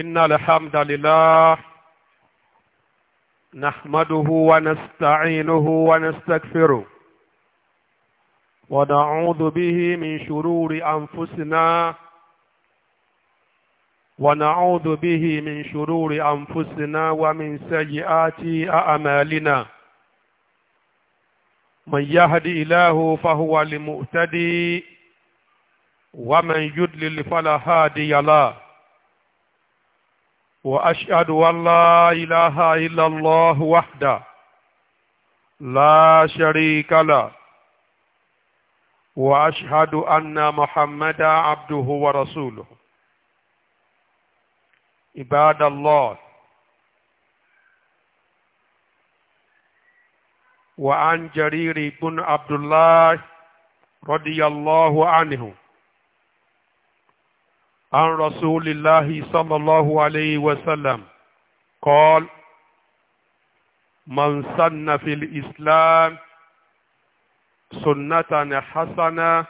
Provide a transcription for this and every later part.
إن الحمد لله نحمده ونستعينه ونستغفره ونعوذ به من شرور أنفسنا ونعوذ به من شرور أنفسنا ومن سيئات أعمالنا من يهد إله فهو المؤتدي ومن يدلل فلا هادي له وأشهد أن لا إله إلا الله وحده لا شريك له وأشهد أن محمدا عبده ورسوله عباد الله وعن جرير بن عبد الله رضي الله عنه عن رسول الله صلى الله عليه وسلم قال من سن في الإسلام سنة حسنة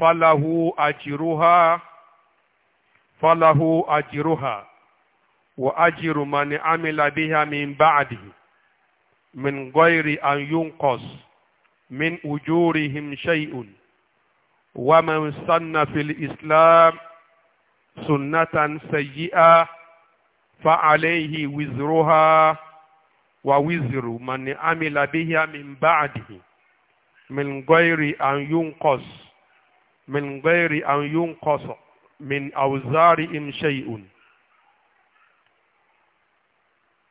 فله أجرها فله أجرها وأجر من عمل بها من بعده من غير أن ينقص من أجورهم شيء ومن سن في الإسلام سنة سيئة فعليه وزرها ووزر من عمل بها من بعده من غير أن ينقص من غير أن ينقص من أوزارهم شيء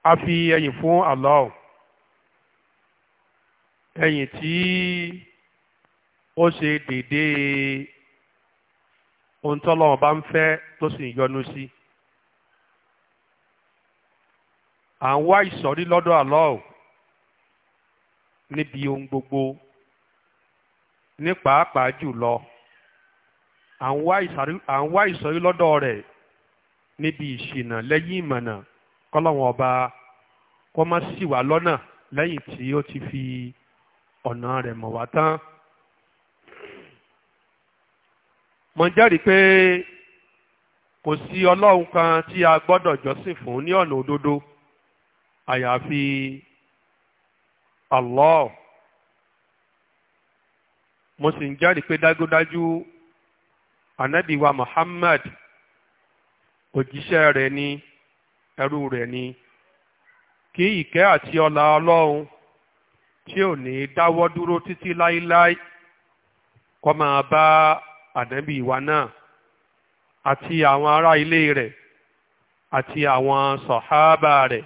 أفي يفون الله ẹ̀yìn ó ṣe dédé ohun tọ́lọ́run bá ń fẹ́ tó sì ń yọ́nú sí à ń wá ìsọ̀rí lọ́dọ̀ ohun gbogbo ní pàápàá jùlọ à ń wá ìsọ̀rí lọ́dọ̀ rẹ̀ níbi ìṣìnà lẹ́yìn ìmọ̀nà kọ́lọ́wọ́n ọba kó má ṣì wá lọ́nà lẹ́yìn tí ti fi ọ̀nà rẹ̀ mọ̀ wá mo ń jẹ́rìí pé kò sí ọlọ́run kan tí a gbọ́dọ̀ jọ́sìn fún ní ọ̀nà òdodo àyàfi Allah mo sì ń jẹ́rìí pé dájúdájú ànábì Muhammad òjíṣẹ́ rẹ̀ ni ẹrú rẹ̀ ni kí ìkẹ́ àti ọlá ọlọ́run tí ò ní dáwọ́ dúró títí láíláí kó máa bá ànábì wa náà àti àwọn ará ilé rẹ̀ àti àwọn sọ̀hábà rẹ̀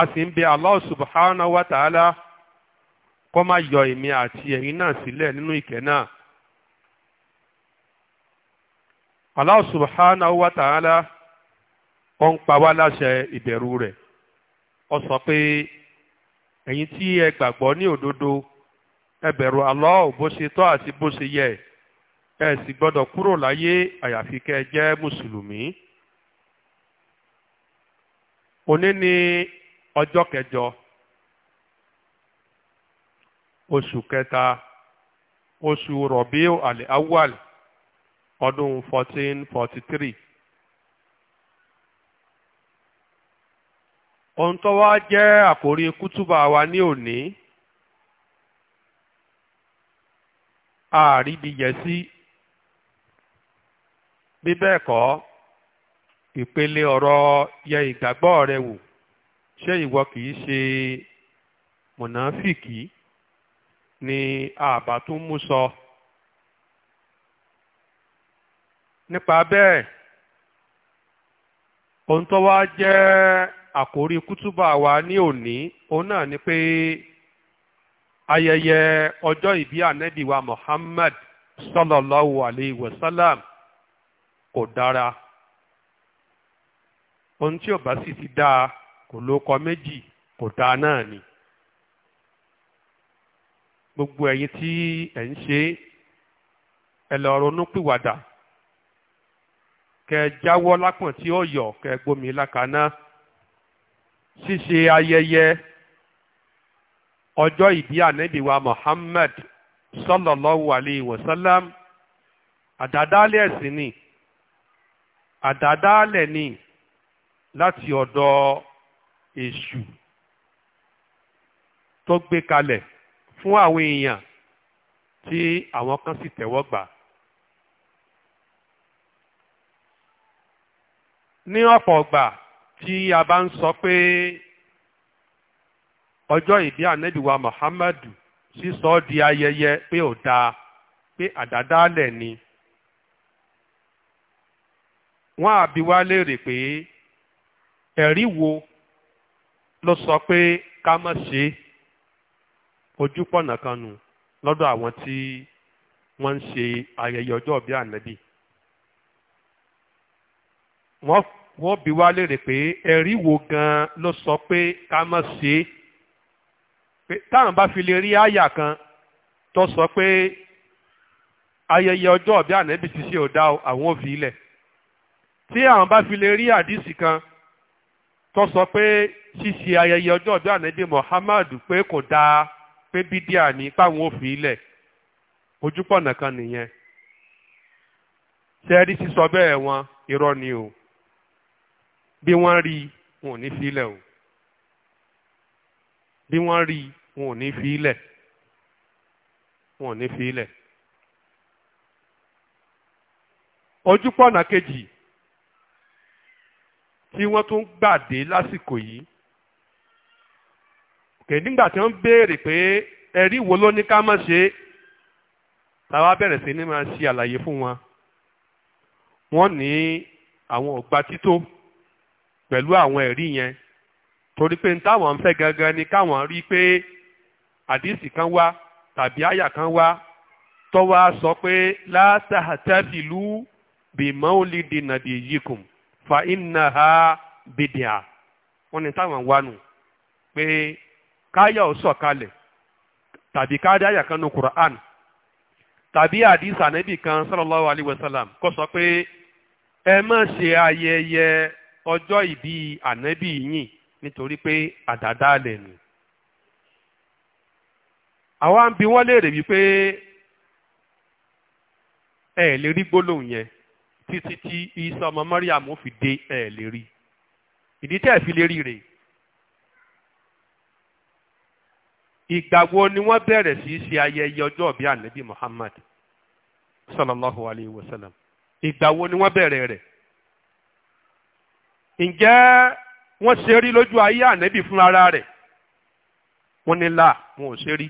a sì ń bẹ Allah subhanahu wa ta'ala kó má yọ èmi àti ẹ̀yin náà sílẹ̀ nínú ìkẹ́ náà. Allah subhanahu wa ta'ala ó ń pa wá láṣẹ ìbẹ̀rù rẹ̀ ó sọ pé ẹ̀yin tí ẹ gbàgbọ́ ní òdodo ẹ bẹ̀rù Allah bó ṣe tọ́ àti bó ṣe yẹ ẹ̀. ẹ sì gbọ́dọ̀ kúrò láyé àyàfi kẹ́ ẹ jẹ́ mùsùlùmí. òní ni ọjọ́ kẹjọ oṣù kẹta oṣù rọ̀bíù àlè awal ọdún fourteen forty three. ohun tó wá jẹ́ àkórí kútùbà wa ní òní àríbi yẹsí bí bẹ́ẹ̀ kọ́ ìpele ọ̀rọ̀ yẹ ìgbàgbọ́ rẹ wò ṣé ìwọ kìí ṣe mùnàfìkì ni àbá tún mú sọ nípa bẹ́ẹ̀ ohun tó wá jẹ́ àkórí kútúbà wa ní òní òun náà ni pé ayẹyẹ ọjọ́ ìbí ànẹ́bí wa Muhammad sallallahu alayhi wa kò dára ohun tí ọba si sì ti dáa kò lóko méjì kò dáa náà ni gbogbo ẹ̀yin tí ẹ̀ ń ṣe ẹ lọ ronú pìwàdà kẹ tí ó yọ kẹ gbomi lákaná ṣíṣe ayẹyẹ ọjọ́ ìbí ànábìwa Muhammad sọlọ alayhi wa sallam àdádálẹ̀ ẹ̀sìn ni. àdádálẹ̀ ni láti ọ̀dọ̀ èṣù tó gbé kalẹ̀ fún àwọn èèyàn tí àwọn kan sì tẹ́wọ́ gbà. ní ọ̀pọ̀ ọgbà tí a bá ń sọ pé ọjọ́ ìbí ànẹ́bíwá Muhammadu sísọ di ayẹyẹ pé ò dáa pé àdádálẹ̀ ni wọ́n á bi wá léèrè pé ẹ̀rí wo ló sọ pé ká má ṣe ojúpọ̀nà kan nù lọ́dọ̀ àwọn tí wọ́n ń ṣe ayẹyẹ ọjọ́ bí ànábì wọ́n wọ́n bi wá léèrè pé ẹ̀rí wo gan ló sọ pé ká má ṣe pé táwọn bá fi lè rí àyà kan tó sọ pé ayẹyẹ ọjọ́ bí ànábì ti ṣe ò dá àwọn ò ilẹ̀ tí àwọn bá fi lè rí àdìsí kan tó sọ pé ṣíṣe ayẹyẹ ọjọ́ ọjọ́ ànábì Muhammad pé kò dáa pé bídíà ní páwọn òfin ilẹ̀ kan nìyẹn sẹ́ẹ̀rí sísọ bẹ́ẹ̀ wọn irọ́ ni o bí wọ́n rí wọn ò ní fi ilẹ̀ o bí wọ́n rí wọn ò ní fi ilẹ̀ wọn ò ní fi ilẹ̀ kejì tí wọ́n tún gbàdé lásìkò yìí kè nígbà tí wọ́n béèrè pé ẹ̀rí wo ló ní ká má ṣe táwa bẹ̀rẹ̀ sí ní máa ṣe àlàyé fún wọn wọ́n ní àwọn ọ̀gbà tító pẹ̀lú àwọn ẹ̀rí yẹn torí pé táwọn ń fẹ́ gangan ni káwọn rí pé àdìsí kan wá tàbí àyà kan wá tó wá sọ pé látàtàfìlú bìmọ́ òlìdìnàdì yìí kùn fa iná ha bìdìà wọ́n ní táwọn wá nù pé káyà ó tàbí káyà àyà kan nu Qur'an tàbí kan sallallahu alayhi wa sallam sọ pé ẹ má ṣe ayẹyẹ ọjọ́ ìbí ànẹ́bì yìí nítorí pé àdàdà lẹ̀ bi wọ́n léèrè wípé lè títí tí isa ọmọ Mariam fi dé ẹ̀ lè rí ìdí tẹ́ ẹ̀ fi lè rí rèé. ìgbà wo ni wọ́n bẹ̀rẹ̀ sí ṣe ayẹyẹ ọjọ́ bíi ànábì Muhammad sallallahu alayhi wa sallam ìgbà wo ni wọ́n bẹ̀rẹ̀ rẹ̀ ǹjẹ́ wọ́n ṣe rí lójú ayé ànábì fúnra rẹ̀ wọ́n ní là wọn ò ṣe rí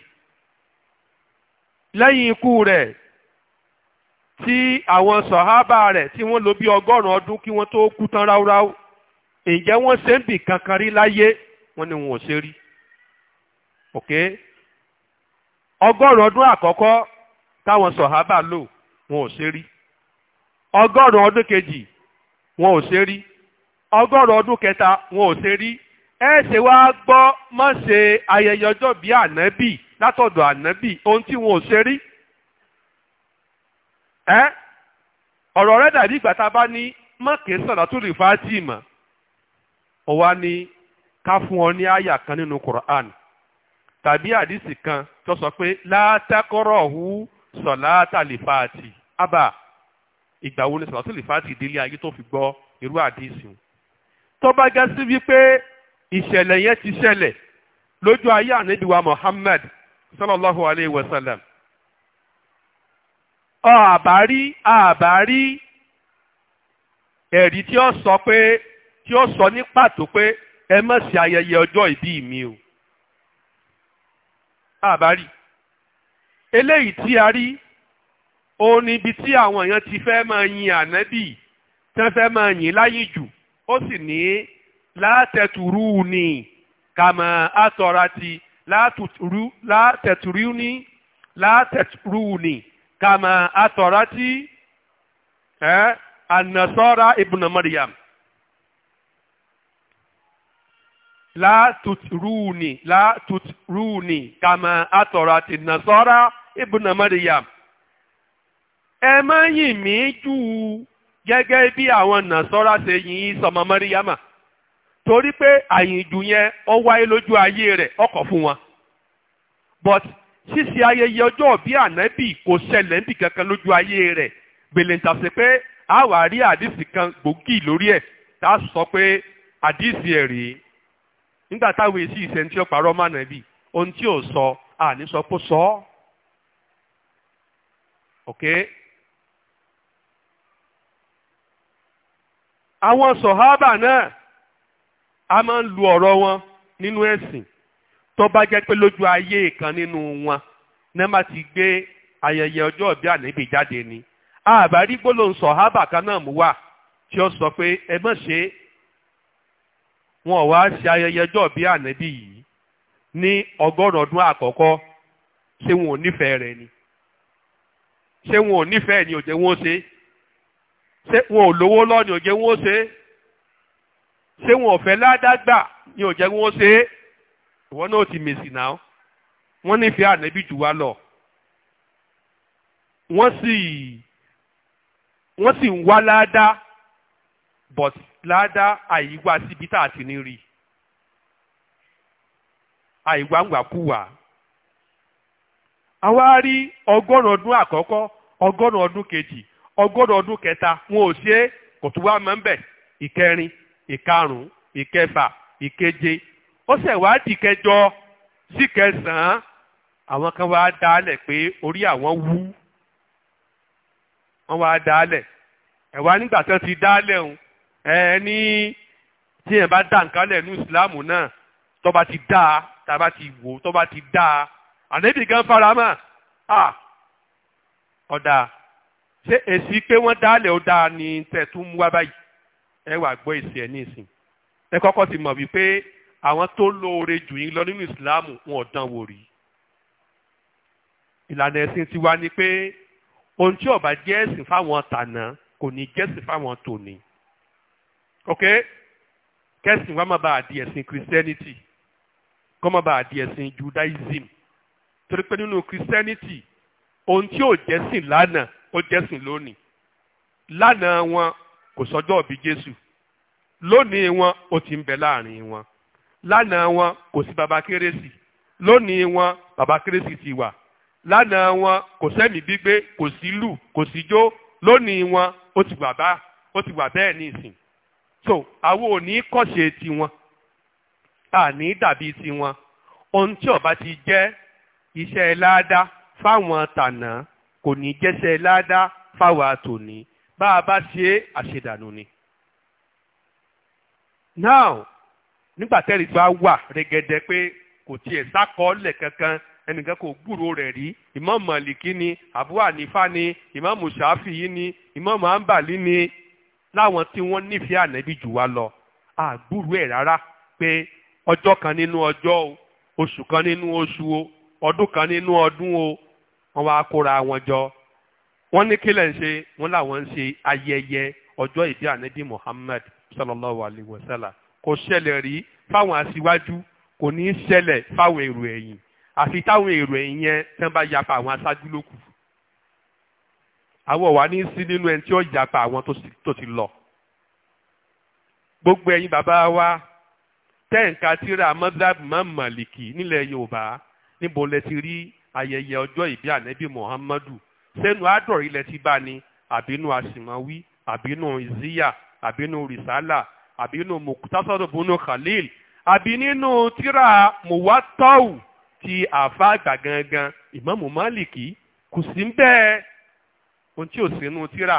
lẹ́yìn ikú rẹ̀ tí àwọn sọ̀hábà rẹ̀ tí wọ́n lò bí ọgọ́rùn-ún ọdún kí wọ́n tó kú tán ráúráú ǹjẹ́ wọ́n ṣe ń bì kankan rí láyé wọ́n ní wọn ò ṣe rí ọgọ́rùn-ún ọdún àkọ́kọ́ táwọn sọ̀hábà lò wọn ò ṣe rí ọgọ́rùn-ún ọdún kejì wọn ò ṣe rí ọgọ́rùn-ún ọdún kẹta wọn ò ṣe rí ẹ ṣe wá gbọ́ mọ́ ṣe ayẹyẹ ọjọ́ bíi ànábì látọ̀dọ̀ ànábì ohun tí wọn ò ṣe rí. ẹ́ ọ̀rọ̀ rẹ dàbí ìgbà tá a bá ní mọ́kè sọ̀rọ̀ tó lè fàájì mọ́ ọ wá ní ká fún ọ ní àyà kan nínú Quran tàbí àdìsí kan tó sọ pé látàkọ́rọ̀ hu sọ̀láàtà lè fàájì ábà ìgbà wo ni sọ̀rọ̀ tó lè fàájì délé ayé tó fi gbọ́ irú àdìsí o tó bá gá sí wípé ìṣẹ̀lẹ̀ yẹn ti ṣẹlẹ̀ lójú ayé ànábì wa Muhammad sallallahu alayhi wa sallam àbárí àbárí ẹ̀rí tí ó sọ pé tí ó sọ ní pàtó pé ẹ má ṣe ayẹyẹ ọjọ́ ìbí mi o àbárí eléyìí tí a rí òun ni ibi tí àwọn èèyàn ti fẹ́ máa yin ànábì tí wọ́n fẹ́ máa yìn láyìn jù ó sì ní látẹ̀tùrú ni kàmọ́ àtọ̀ra ti látẹ̀tùrú ni látẹ̀tùrú ni kama atọrati ẹ anasọra ibùnà Maryam la tutruni la tutruni kama atọrati nasọra ibùnà Maryam ẹ má bí àwọn nasọra ṣe yìn sọmọ torí pé yẹn wáyé lójú ayé ọkọ fún wọn but ṣíṣe ayẹyẹ ọjọ́ bí ànábì kò ṣẹlẹ̀ níbi kankan lójú ayé rẹ̀ gbèlè ntàṣe pé a wà rí àdìsí kan gbòógì lórí ẹ̀ tá a sọ pé àdìsí ẹ̀ rèé nígbà táwọn èsì ìṣẹ̀ntì ọ̀pàrọ̀ mọ́ ànábì ohun tí ò sọ àní sọ pé sọ ọ́ àwọn sọ̀hábà náà a máa ń lu ọ̀rọ̀ wọn nínú ẹ̀sìn tó bá jẹ́ pé lójú ayé kan nínú wọn náà má ti gbé ayẹyẹ ọjọ́ ìbí ànábì jáde ni àbárí gbólóhùn sọ̀hábà kan náà mú wá tí ó sọ pé ẹ mọ̀ ṣe wọn ò wá ṣe ayẹyẹ ọjọ́ ìbí ànábì yìí ní ọgọ́rùn-ún ọdún àkọ́kọ́ ṣé wọn ò nífẹ̀ẹ́ rẹ̀ ni ṣé wọn ò nífẹ̀ẹ́ ni òjẹ́ wọn ó ṣe ṣé wọn ò lówó lọ́ ni òjẹ́ wọn ó ṣe ṣé wọn ò fẹ́ ládàgbà ni òjẹ́ wọn ó ṣe é. ìwọ náà ti mèsì náà wọ́n nífẹ̀ẹ́ ànábì jù wá lọ wọn sì wọn sì ń wá ládàá but ládàá àyíwá síbi tá a ti ní rí àyíwá ń wà kú wà. àwa rí ọgọ́rùn-ún ọdún àkọ́kọ́ ọgọ́rùn ọdún kejì ọgọ́rùn ọdún kẹta wọn ò ṣe é kò tún wá mọ́ ń bẹ̀ ìkẹrin ìkarùn ìkẹfà ìkeje ó ṣe wá di kẹjọ sí kẹsàn-án àwọn kan wá dálẹ̀ pé orí àwọn wú wọ́n wá dálẹ̀ ẹ̀wá nígbà tán ti dálẹ̀ ń ẹ ní tí yẹn bá dá nǹkan lẹ̀ ní ìsìláàmù náà tó bá ti dá a tá ti wò tó ti dá a ànẹ́bì gan fara mọ́ à ọ̀dà ṣé èsì pé wọ́n dálẹ̀ ó dáa ni tẹ̀ tún mú wá báyìí ẹ wá gbọ́ èsì ẹ̀ ní ìsìn ẹ kọ́kọ́ ti mọ̀ wípé àwọn tó lóore jù yín lọ nínú ìsìláàmù wọn ò dán wò rí ìlànà ẹ̀sìn tiwa ni pé ohun tí ó bá jẹ́ ẹ̀sìn fáwọn tànà kò ní jẹ́sìn fáwọn tòní ok kẹ́sìn wa má bàa di ẹ̀sìn christianity kó má bàa di ẹ̀sìn judaism torí pé nínú christianity ohun tí ò jẹ́sìn lánàá ó jẹ́sìn lónìí lánàá wọn kò sọjọ́ òbí jésù lónìí wọn ó ti ń bẹ láàrin wọn lánàá wọn kò sí baba kérésì lónìí wọn baba kérésì ti wà lánàá wọn kò sẹ́mi gbígbé kò sí lù kò sí jó lónìí wọn ó ti wà bá ó ti wà bẹ́ẹ̀ ní ìsìn so àwọn ò ní kọ́ṣe tiwọn àní dàbí tiwọn ohun tí ọba ti jẹ́ iṣẹ́ láàdá fáwọn tànà kò ní jẹ́ṣẹ́ láàdá fáwọn àtòní bá a bá ṣe àṣedànù ni. now nígbà tẹ́rì tó a wà rẹ́gẹ́dẹ́ pé kò tiẹ̀ sákọọ́lẹ̀ kankan ẹnìkan kò gbúrò rẹ̀ rí Imam Màlìkí ni Abu Hanifa ni Imam Shafi'i ni Imam Hanbali ni láwọn tí wọ́n nífẹ̀ẹ́ ànábì jù wá lọ àgbúrò ẹ̀ rárá pé ọjọ́ kan nínú ọjọ́ o oṣù kan nínú oṣù o ọdún kan nínú ọdún o wọ́n wá kóra wọn jọ wọ́n ní kílẹ̀ ń ṣe wọ́n làwọn ń ṣe ayẹyẹ ọjọ́ ìdí ànábì Muhammad sallallahu alayhi wa sallam kò ṣẹlẹ̀ rí fáwọn aṣíwájú kò ní í ṣẹlẹ̀ fáwọn èrò ẹ̀yìn àfi táwọn èrò ẹ̀yìn yẹn tán bá yapa àwọn aṣáájú lókù àwọn wà ní sí nínú ẹni tí ó yapa àwọn tó ti lọ gbogbo ẹ̀yin bàbá wa tẹ́ǹka tíra mọ́dábù má màlìkì nílẹ̀ Yorùbá níbo lẹ ti rí ayẹyẹ ọjọ́ ìbí ànẹ́bí Muhammadu sẹ́nu ádọ̀rí lẹ ti bá ni àbínú àṣìmọ́wí àbínú ìzíyà àbínú rìsálà àbí nínú mùkútásọ́dọ̀ bùnú khalil àbí nínú tíra muwatọ́wù ti àfa àgbà gangan ìmáàmù málìkì kò sí bẹ́ẹ̀ ohun tí ò sínú tíra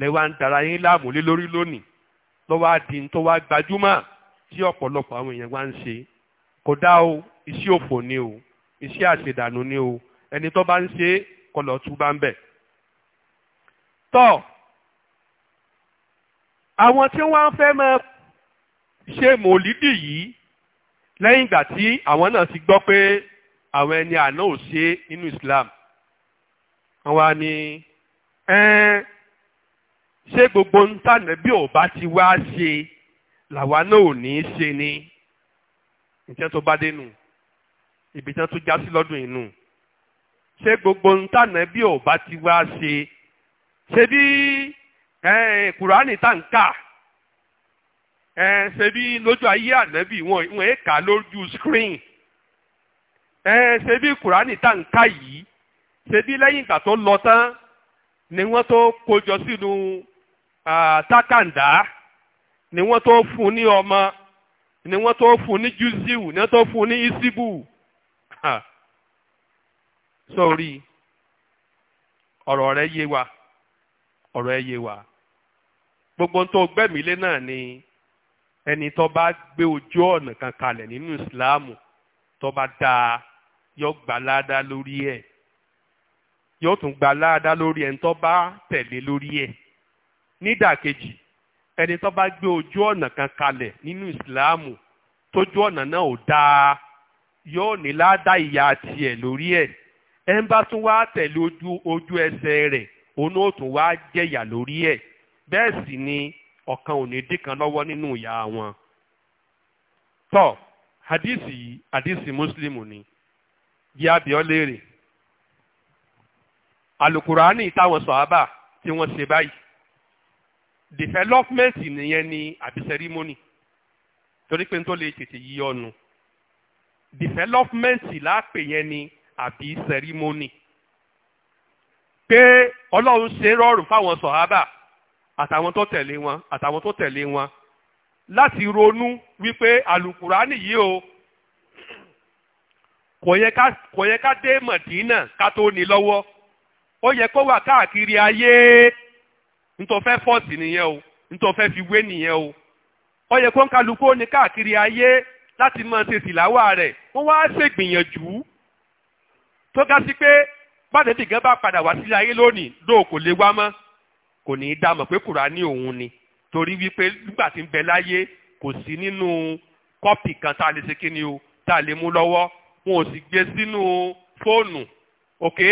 lẹ́wà ń dara yín láàmú lé lórí lónìí lọ́wọ́ adi tó wá gbajúmọ̀ tí ọ̀pọ̀lọpọ̀ àwọn èèyàn wá ń ṣe kódà o iṣẹ́ òfò ni o iṣẹ́ àṣedànù ni o ẹni tó bá ń ṣe kọlọ̀ tún bá ń bẹ̀. tọ́ àwọn tí wọ́n fẹ́ máa ṣe mòlídì yìí lẹ́yìn ìgbà tí àwọn náà ti gbọ́ pé àwọn ẹni àná ò ṣe nínú Islam wọ́n wá ní ṣé gbogbo ń tànà bí ò bá ti wá ṣe làwa náà ò ní í ṣe ni ìjẹ́ tó bá dé nù ibi tí wọ́n tún já sí lọ́dún inú ṣé gbogbo ń tànà bí ò bá ti wá ṣe ṣé bí kùránì tá n kà ṣebí lójú ayé ànábì wọn wọn è kà lójú screen sebi kùránì tá yi sebi yìí ṣebí lẹ́yìn ìgbà tó lọ tán ni wọ́n tó kójọ sínú tákàndá ni wọ́n tó fún ní ọmọ ni wọ́n tó fún ní júzíù ni wọ́n tó fún ní isibu sọ̀rí ọ̀rọ̀ rẹ yé wa ọ̀rọ̀ ẹ̀ yé wa. gbogbo ohun tó gbẹ̀mílé náà ni ẹni tó bá gbé ojú ọ̀nà kan kalẹ̀ nínú ìsìláàmù tó bá dáa yóò gbà láàdá lórí ẹ̀ yóò tún gbà láàdá lórí ẹni tó bá tẹ̀lé lórí ẹ̀ nídàkejì ẹni tó bá gbé ojú ọ̀nà kan kalẹ̀ nínú ìsìláàmù tójú ọ̀nà náà ò dáa yóò ní ládá ìyá tiẹ̀ lórí ẹ̀ ẹ̀ ń bá tún wá tẹ̀lé ojú ẹsẹ̀ rẹ̀ òun ó tún wá jẹ̀yà lórí ẹ̀ bẹ́ẹ̀ sì ni ọ̀kan ò ní dín kan lọ́wọ́ nínú ìyá wọn. tọ́ hadisi yìí hadisi muslim ni bí abiyọ́ léèrè alukurani táwọn sọ̀hábà tí wọ́n ṣe báyìí development nìyẹn ni àbí ceremony torí pé n tó lè tètè yí ọnu development láàpè yẹn ni àbí ceremony pé ọlọ́run ṣe rọrùn fáwọn sọ̀hábà. So àtàwọn tó tẹ̀lé wọn àtàwọn tó tẹ̀lé wọn láti ronú wípé àlùkùránì yìí o kò yẹ ká kò yẹ ká dé mọ̀dínà ká tó ní lọ́wọ́ ó yẹ kó wà káàkiri ayé nítorí fẹ́ fọ́ọ̀sì nìyẹn o nítorí fẹ́ fi wé nìyẹn o ó yẹ kó ń kálukú ó ní káàkiri ayé láti máa ṣe tìláwà rẹ̀ wọ́n wá ṣègbìyànjú tó ga sí pé bàdébìgán bá padà wá sílé ayé lónìí lóò kò lè wá mọ́ kò ní í dá mọ̀ pé kùránì òun ni torí wípé nígbà tí ń bẹ láyé kò sí nínú kọ́pì kan tá a lè ṣe kí ni o tá a lè mú lọ́wọ́ wọn ò sì gbé sínú fóònù òkè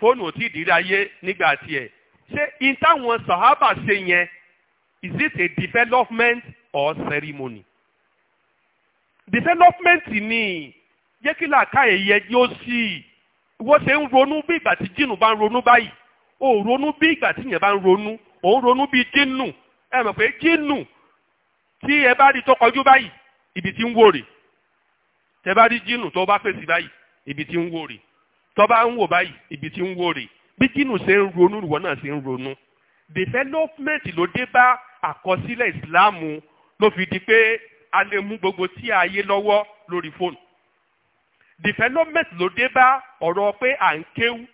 fóònù ò tí ì dìde ayé nígbà tiẹ̀ ṣé in táwọn sàhábà ṣe yẹn is it a development or ceremony development ni jẹ́ kí làákàyè yẹ yóò sí i ìwọ ṣe ń ronú bí ìgbà tí jìnnù bá ń ronú báyìí ò ronú bí ìgbà tí yẹn bá ń ronú ò ń ronú bí jínù ẹ mọ̀ pé jínù tí ẹ bá rí tó kọjú báyìí ibi tí ń wò rè tẹ bá rí jínù tó bá fèsì báyìí ibi tí ń wò rè tó bá ń wò báyìí ibi tí ń wò rè bí jínù ṣe ń ronú ìwọ náà ṣe ń ronú development ló dé bá àkọsílẹ̀ ìsìláàmù ló fi di pé a lè mú gbogbo tí a yé lọ́wọ́ lórí fóònù development ló dé bá ọ̀rọ̀ pé à ń kéwú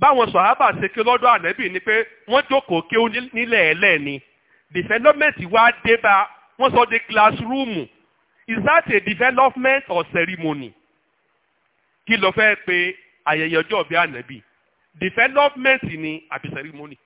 báwọn sọ̀hábà ṣe kí lọ́dọ̀ ànẹ́bì ni pé wọ́n jókòó kí ó nílẹ̀ ẹ̀lẹ́ ni development wá dé bá wọ́n sọ de classroom is that a development or ceremony kí ló fẹ́ pe ayẹyẹ ọjọ́ ìbí ànẹ́bì development ni àbí ceremony.